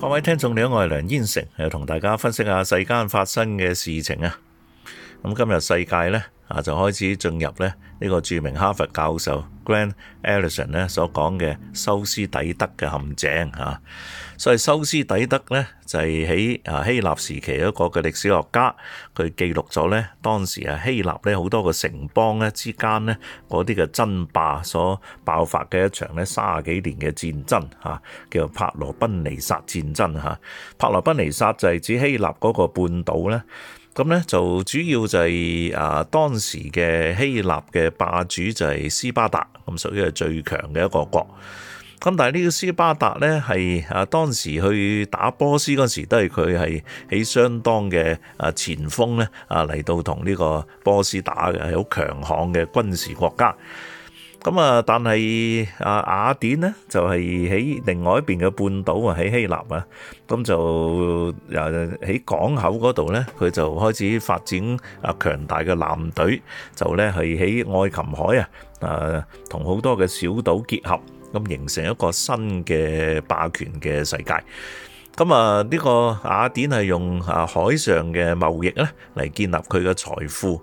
各位聽眾，你好，我係梁燕城，又同大家分析下世間發生嘅事情啊！咁今日世界咧。啊，就開始進入咧呢個著名哈佛教授 Graham Allison 咧所講嘅修昔底德嘅陷阱。所以修昔底德咧就係喺啊希臘時期一個嘅歷史學家，佢記錄咗咧當時啊希臘咧好多個城邦咧之間咧嗰啲嘅爭霸所爆發嘅一場咧三十幾年嘅戰爭，叫做帕羅賓尼薩戰爭。帕羅賓尼薩就係指希臘嗰個半島咧。咁咧就主要就係啊當時嘅希臘嘅霸主就係斯巴達，咁屬於係最強嘅一個國。咁但係呢個斯巴達咧係啊當時去打波斯嗰陣時，都係佢係起相當嘅啊前鋒咧啊嚟到同呢個波斯打嘅，係好強悍嘅軍事國家。咁啊，但係啊雅典呢，就係喺另外一邊嘅半島啊，喺希臘啊，咁就又喺港口嗰度呢，佢就開始發展啊強大嘅艦隊，就呢係喺愛琴海啊，啊同好多嘅小島結合，咁形成一個新嘅霸權嘅世界。咁啊，呢個雅典係用啊海上嘅貿易呢嚟建立佢嘅財富。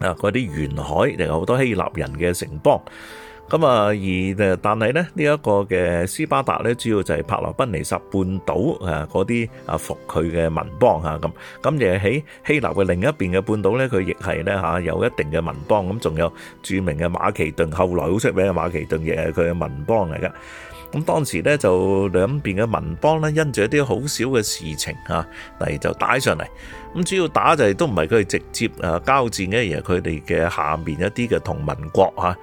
啊！嗰啲沿海又有好多希臘人嘅城邦，咁啊而誒，但係咧呢一個嘅斯巴達咧，主要就係伯羅奔尼撒半島誒嗰啲啊服佢嘅民邦嚇咁，咁而喺希臘嘅另一邊嘅半島咧，佢亦係咧嚇有一定嘅民邦，咁仲有著名嘅馬其頓，後來好出名嘅馬其頓亦係佢嘅民邦嚟噶。咁當時咧就兩邊嘅民邦咧，因住一啲好少嘅事情嚇嚟就帶上嚟。咁主要打就係都唔係佢哋直接啊交戰嘅，而係佢哋嘅下面一啲嘅同盟國吓，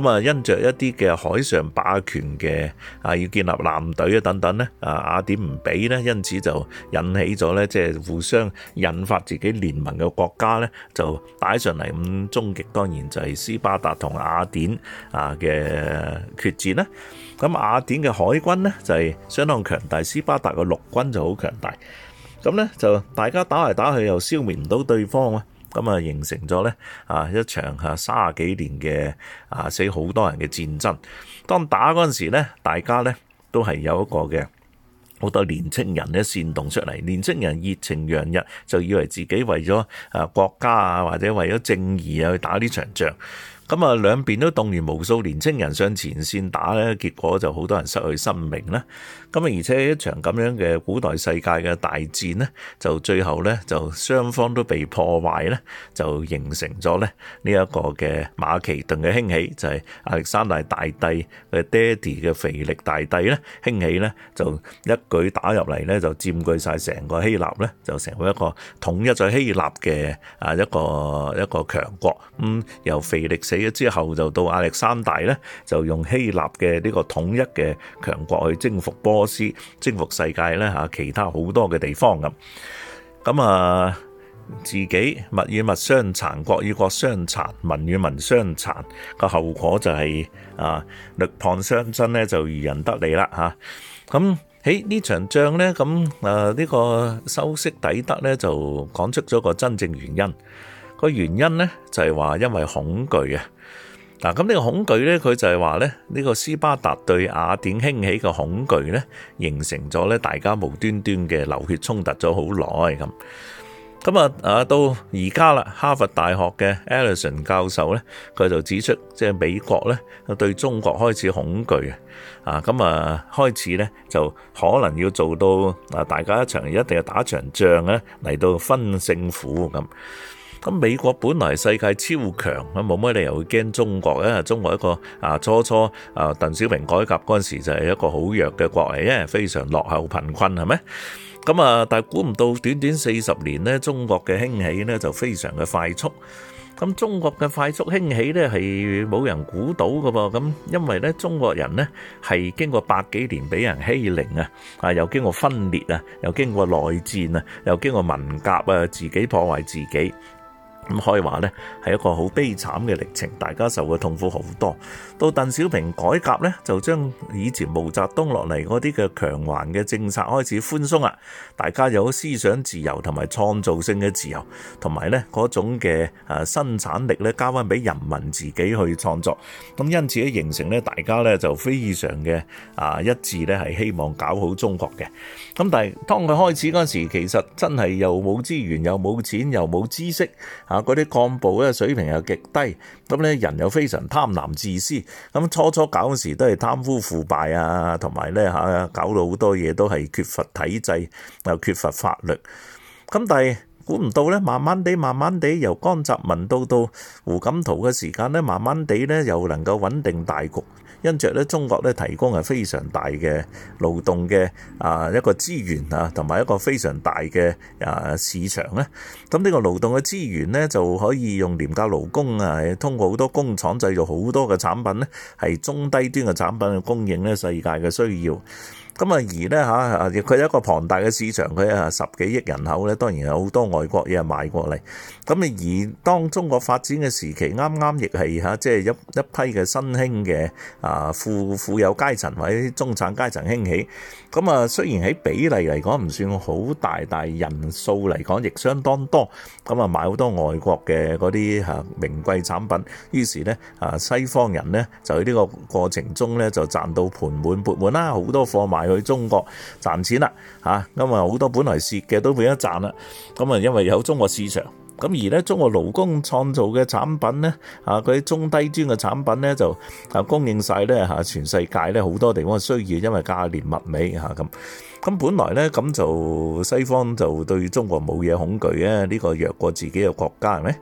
咁啊因着一啲嘅海上霸權嘅啊要建立艦隊啊等等咧，啊雅典唔俾咧，因此就引起咗咧即係互相引發自己聯盟嘅國家咧就打上嚟，咁、嗯、終極當然就係斯巴達同雅典啊嘅決戰啦。咁雅典嘅海軍咧就係相當強大，斯巴達嘅陸軍就好強大。咁呢，就大家打嚟打去又消滅唔到對方啊！咁啊形成咗呢啊一場嚇三十幾年嘅啊死好多人嘅戰爭。當打嗰陣時咧，大家咧都係有一個嘅好多年青人咧煽動出嚟，年青人熱情洋溢，就以為自己為咗啊國家啊或者為咗正義啊去打呢場仗。咁啊兩邊都動員無數年青人上前線打咧，結果就好多人失去生命啦。咁啊而且一場咁樣嘅古代世界嘅大戰咧，就最後咧就雙方都被破壞咧，就形成咗咧呢一個嘅馬其頓嘅興起，就係亞歷山大大帝嘅爹哋嘅腓力大帝咧興起咧，就一舉打入嚟咧就佔據曬成個希臘咧，就成為一個統一咗希臘嘅啊一個一個強國。嗯，由腓力四。之後就到亞歷山大呢就用希臘嘅呢個統一嘅強國去征服波斯，征服世界呢。吓，其他好多嘅地方咁。咁啊，自己物與物相殘，國與國相殘，民與民相殘，個後果就係、是、啊，鷸蚌相爭呢，就漁人得利啦吓。咁喺呢場仗呢，咁誒呢個修昔底德呢，就講出咗個真正原因。個原因呢，就係話因為恐懼啊！嗱，咁呢個恐懼呢，佢就係話呢，呢，呢個斯巴達對雅典興起嘅恐懼呢，形成咗呢大家無端端嘅流血衝突咗好耐咁。咁啊啊，到而家啦，哈佛大學嘅 Allison 教授呢，佢就指出，即係美國呢，對中國開始恐懼啊！咁啊，開始呢，就可能要做到啊，大家一場一定要打一場仗啊，嚟到分勝負咁。啊咁美國本嚟世界超強，咁冇乜理由會驚中國咧？中國一個啊，初初啊，鄧小平改革嗰陣時就係一個好弱嘅國嚟嘅，非常落後貧困，係咪？咁啊，但係估唔到短短四十年咧，中國嘅興起咧就非常嘅快速。咁中國嘅快速興起咧係冇人估到嘅噃。咁因為咧，中國人咧係經過百幾年俾人欺凌啊，啊又經過分裂啊，又經過內戰啊，又經過文革啊，自己破壞自己。咁可以話呢，係一個好悲慘嘅歷程，大家受嘅痛苦好多。到鄧小平改革呢，就將以前毛澤東落嚟嗰啲嘅強橫嘅政策開始寬鬆啊，大家有思想自由同埋創造性嘅自由，同埋呢嗰種嘅生產力呢，交翻俾人民自己去創作。咁因此咧形成呢，大家呢就非常嘅啊一致呢，係希望搞好中國嘅。咁但係當佢開始嗰時，其實真係又冇資源，又冇錢，又冇知識啊！嗰啲幹部咧水平又極低，咁咧人又非常貪婪自私，咁初初搞時都係貪污腐敗啊，同埋咧嚇搞到好多嘢都係缺乏體制，又缺乏法律，咁但係。估唔到咧，慢慢地、慢慢地，由江澤民到到胡錦濤嘅時間咧，慢慢地咧又能夠穩定大局。因着咧中國咧提供係非常大嘅勞動嘅啊一個資源啊，同埋一個非常大嘅啊市場咧。咁呢個勞動嘅資源咧就可以用廉價勞工啊，通過好多工廠製造好多嘅產品咧，係中低端嘅產品去供應咧世界嘅需要。咁啊而呢吓，佢有一個龐大嘅市場，佢啊十幾億人口咧，當然有好多外國嘢買過嚟。咁啊而當中國發展嘅時期，啱啱亦係吓，即係一一批嘅新興嘅啊富富有階層或者中產階層興起。咁啊雖然喺比例嚟講唔算好大，但係人數嚟講亦相當多。咁啊買好多外國嘅嗰啲吓名貴產品。於是咧啊西方人咧就喺呢個過程中咧就賺到盆滿缽滿啦，好多貨買。去中國賺錢啦嚇，因為好多本來蝕嘅都變得賺啦。咁啊，因為有中國市場，咁而咧中國勞工創造嘅產品咧，啊啲中低端嘅產品咧就啊供應晒咧嚇全世界咧好多地方需要，因為價廉物美嚇咁。咁本來咧咁就西方就對中國冇嘢恐懼啊，呢個弱過自己嘅國家係咪？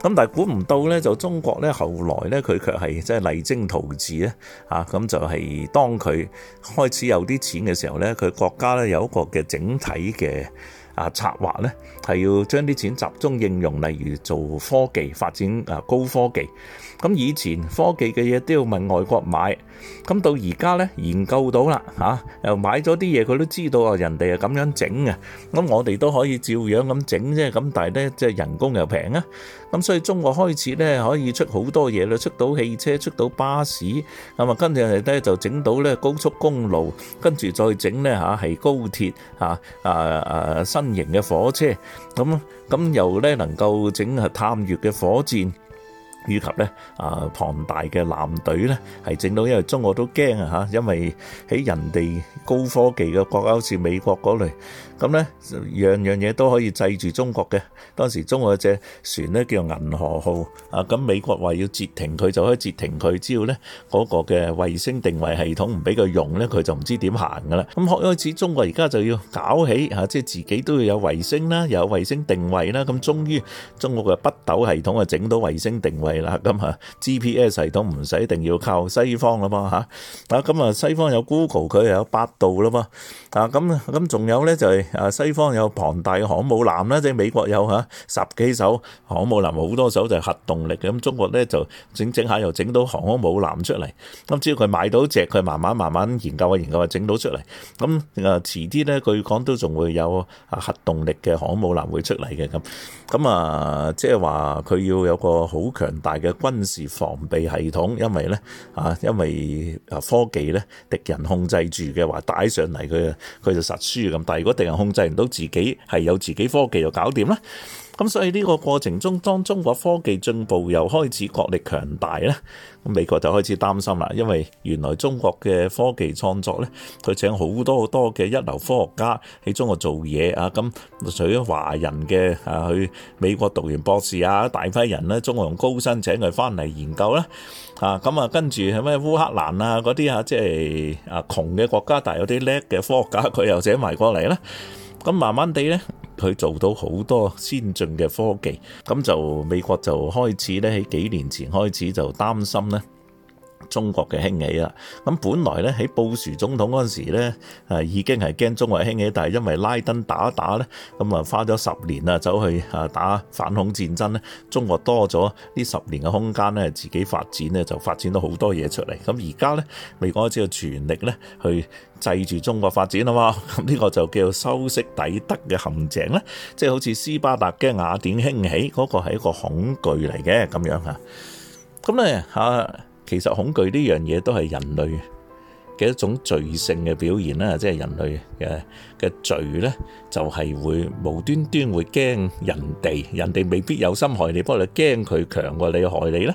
咁但係估唔到咧，就中國咧後來咧，佢卻係即係勵精圖治咧，啊咁就係當佢開始有啲錢嘅時候咧，佢國家咧有一個嘅整體嘅。啊，策劃呢係要將啲錢集中應用，例如做科技發展啊，高科技。咁以前科技嘅嘢都要問外國買，咁到而家呢，研究到啦嚇、啊，又買咗啲嘢，佢都知道啊，人哋係咁樣整嘅，咁我哋都可以照樣咁整啫。咁但係呢，即係人工又平啊，咁所以中國開始呢，可以出好多嘢啦，出到汽車、出到巴士，咁啊跟住呢，就整到呢高速公路，跟住再整呢，吓係高鐵啊啊新，新型嘅火車，咁咁又呢能夠整係探月嘅火箭，以及呢啊龐大嘅艦隊呢，係整到，因為中國都驚啊吓，因為喺人哋高科技嘅國家，好似美國嗰類。咁咧，樣樣嘢都可以制住中國嘅。當時中國隻船咧叫銀河號啊，咁美國話要截停佢，就可以截停佢。只要咧嗰個嘅衛星定位系統唔俾佢用咧，佢就唔知點行噶啦。咁學開始，中國而家就要搞起嚇，即係自己都要有衛星啦，又有衛星定位啦。咁終於中國嘅北斗系統啊，整到衛星定位啦。咁啊，GPS 系統唔使一定要靠西方啦噃嚇。啊，咁啊，西方有 Google，佢又有百度啦噃。啊，咁咁仲有咧就係。啊！西方有龐大嘅航母艦啦，即係美國有嚇十幾艘航母艦，好多艘就係核動力嘅。咁中國咧就整整下又整到航空母艦出嚟。咁只要佢買到隻，佢慢慢慢慢研究啊研究啊，整到出嚟。咁啊遲啲咧，佢講都仲會有啊核動力嘅航母艦會出嚟嘅。咁咁啊，即係話佢要有個好強大嘅軍事防備系統，因為咧啊，因為科技咧敵人控制住嘅話，帶上嚟佢佢就實輸咁。但係如果敵人，控制唔到自己，係有自己科技就搞掂啦。咁所以呢個過程中，當中國科技進步又開始國力強大呢，咁美國就開始擔心啦。因為原來中國嘅科技創作呢，佢請好多好多嘅一流科學家喺中國做嘢啊。咁除咗華人嘅啊，去美國讀完博士啊，大批人呢，中國用高薪請佢翻嚟研究啦。啊，咁啊，跟住係咩烏克蘭啊嗰啲啊，即係啊窮嘅國家，但係有啲叻嘅科學家，佢又請埋過嚟啦咁慢慢地咧，佢做到好多先進嘅科技，咁就美國就開始咧，喺幾年前開始就擔心咧，中國嘅興起啦，咁本來咧喺布殊總統嗰陣時咧，啊已經係驚中國興起，但係因為拉登打打咧，咁啊花咗十年啊走去啊打反恐戰爭咧，中國多咗呢十年嘅空間咧，自己發展咧就發展到好多嘢出嚟。咁而家咧，美國開始要全力咧去制住中國發展啊嘛，咁呢、這個就叫修昔底德嘅陷阱咧，即係好似斯巴達驚雅典興起嗰、那個係一個恐懼嚟嘅咁樣嚇。咁咧啊～其實恐懼呢樣嘢都係人類嘅一種罪性嘅表現啦，即係人類嘅嘅罪呢，就係會無端端會驚人哋，人哋未必有心害你，不過你驚佢強過你害你呢。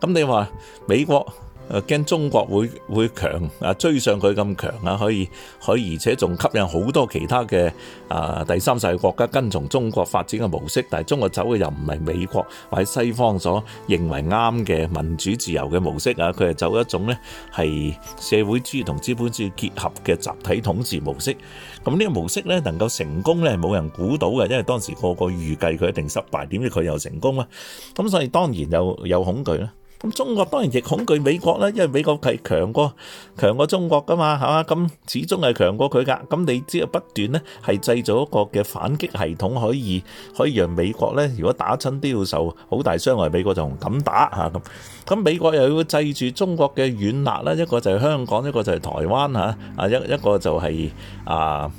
咁你話美國？誒驚中國會會強啊，追上佢咁強啊，可以，可以而且仲吸引好多其他嘅啊第三世界國家跟從中國發展嘅模式，但係中國走嘅又唔係美國或者西方所認為啱嘅民主自由嘅模式啊，佢係走一種咧係社會主義同資本主義結合嘅集體統治模式。咁、嗯、呢、這個模式呢，能夠成功呢，冇人估到嘅，因為當時個個預計佢一定失敗，點知佢又成功啦。咁所以當然又有，有恐懼啦。咁中國當然亦恐懼美國啦，因為美國係強過強過中國噶嘛，係嘛？咁始終係強過佢噶。咁你只要不斷呢係製造一個嘅反擊系統，可以可以讓美國呢，如果打親都要受好大傷害，美國就唔敢打嚇咁。咁美國又要制住中國嘅軟肋咧，一個就係香港，一個就係台灣嚇，啊一一個就係、是、啊。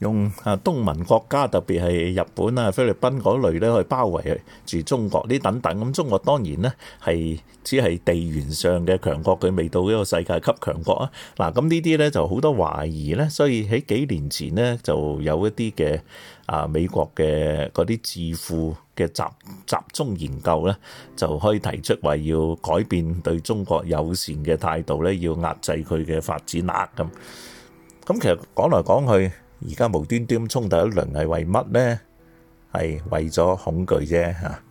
用啊，東盟國家特別係日本啊、菲律賓嗰類咧去包圍住中國啲等等咁。中國當然咧係只係地緣上嘅強國，佢未到一個世界級強國啊。嗱，咁呢啲咧就好多懷疑咧，所以喺幾年前咧就有一啲嘅啊美國嘅嗰啲智庫嘅集集中研究咧，就可以提出話要改變對中國友善嘅態度咧，要壓制佢嘅發展啦。咁咁其實講嚟講去。而家無端端咁衝突一輪係為乜呢？係為咗恐懼啫嚇。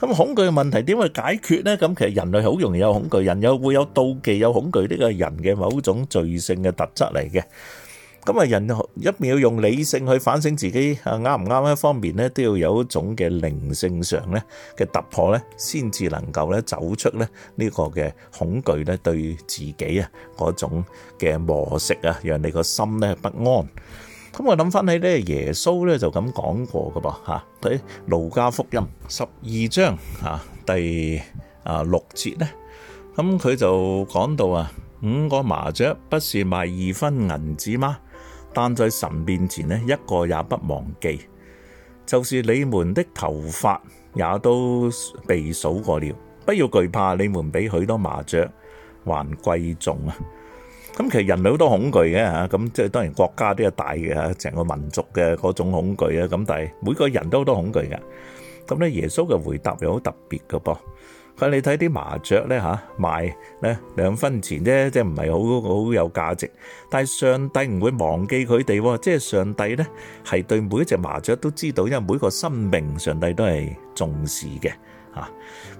咁恐懼問題點去解決呢？咁其實人類好容易有恐懼，人又會有妒忌，有恐懼呢個人嘅某種罪性嘅特質嚟嘅。咁啊，人一面要用理性去反省自己啊，啱唔啱？一方面呢都要有一種嘅靈性上呢嘅突破呢，先至能夠呢走出呢呢個嘅恐懼呢，對自己啊嗰種嘅磨蝕啊，讓你個心呢不安。咁我諗翻起咧，耶穌咧就咁講過噶噃吓，睇路加福音十二章吓第啊六節咧，咁佢就講到啊， 五個麻雀不是賣二分銀子嗎？但在神面前呢，一個也不忘記，就是你們的頭髮也都被數過了，不要懼怕，你們比許多麻雀還貴重啊！咁其實人類好多恐懼嘅嚇，咁即係當然國家都有大嘅嚇，成個民族嘅嗰種恐懼啊，咁但係每個人都好多恐懼嘅。咁咧耶穌嘅回答又好特別㗎噃，佢話你睇啲麻雀咧嚇賣咧兩分錢啫，即係唔係好好有價值？但係上帝唔會忘記佢哋喎，即係上帝咧係對每一隻麻雀都知道，因為每個生命上帝都係重視嘅嚇。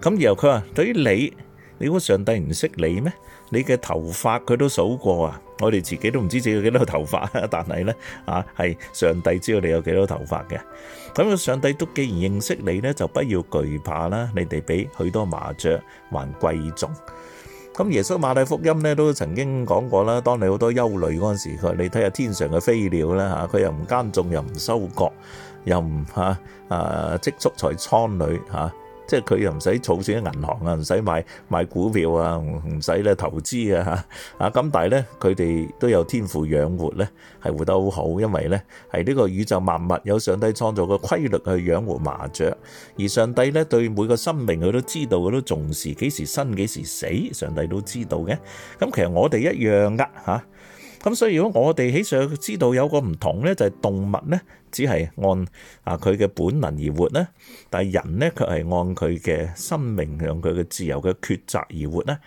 咁然後佢話：對於你，你估上帝唔識你咩？你嘅頭髮佢都數過啊！我哋自己都唔知自己有幾多頭髮啊，但係呢，啊，係上帝知道你有幾多頭髮嘅。咁啊，上帝都既然認識你呢，就不要懼怕啦。你哋比許多麻雀還貴重。咁耶穌馬太福音呢都曾經講過啦，當你好多憂慮嗰陣時，佢話你睇下天上嘅飛鳥啦嚇，佢又唔耕種又唔收割又唔嚇啊，啊積蓄在倉裏嚇。啊即係佢又唔使儲錢喺銀行啊，唔使買買股票啊，唔使咧投資啊嚇啊！咁但係咧，佢哋都有天賦養活咧，係活得好，好，因為咧係呢個宇宙萬物有上帝創造嘅規律去養活麻雀，而上帝咧對每個生命佢都知道，佢都重視幾時生幾時死，上帝都知道嘅。咁其實我哋一樣噶嚇咁所以如果我哋起上知道有個唔同咧，就係動物咧，只係按啊佢嘅本能而活咧，但係人咧卻係按佢嘅生命，用佢嘅自由嘅抉擇而活咧。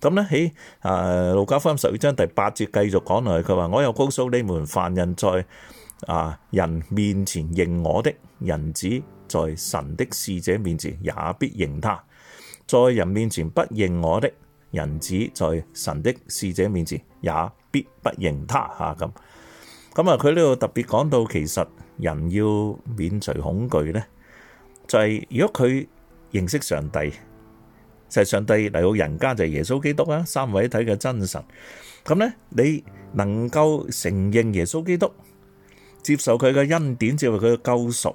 咁咧喺啊路加福音十二章第八節繼續講落去，佢話：我又告訴你們，凡人在啊人面前認我的人子，在神的使者面前也必認他；在人面前不認我的人子，在神的使者面前也。必不認他嚇咁，咁啊佢呢度特別講到，其實人要免除恐懼咧，就係如果佢認識上帝，就係上帝嚟到人間就係耶穌基督啊，三位一體嘅真神。咁咧，你能夠承認耶穌基督，接受佢嘅恩典，接受佢嘅救贖。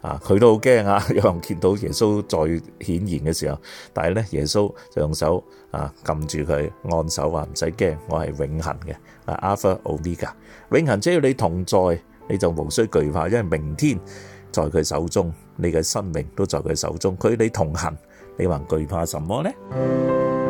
啊！佢都好驚啊！有人見到耶穌在顯現嘅時候，但係咧，耶穌就用手啊撳住佢按手話：唔使驚，我係永恆嘅啊，Alpha Omega。永恆只要你同在，你就無需懼怕，因為明天在佢手中，你嘅生命都在佢手中。佢你同行，你還懼怕什麼呢？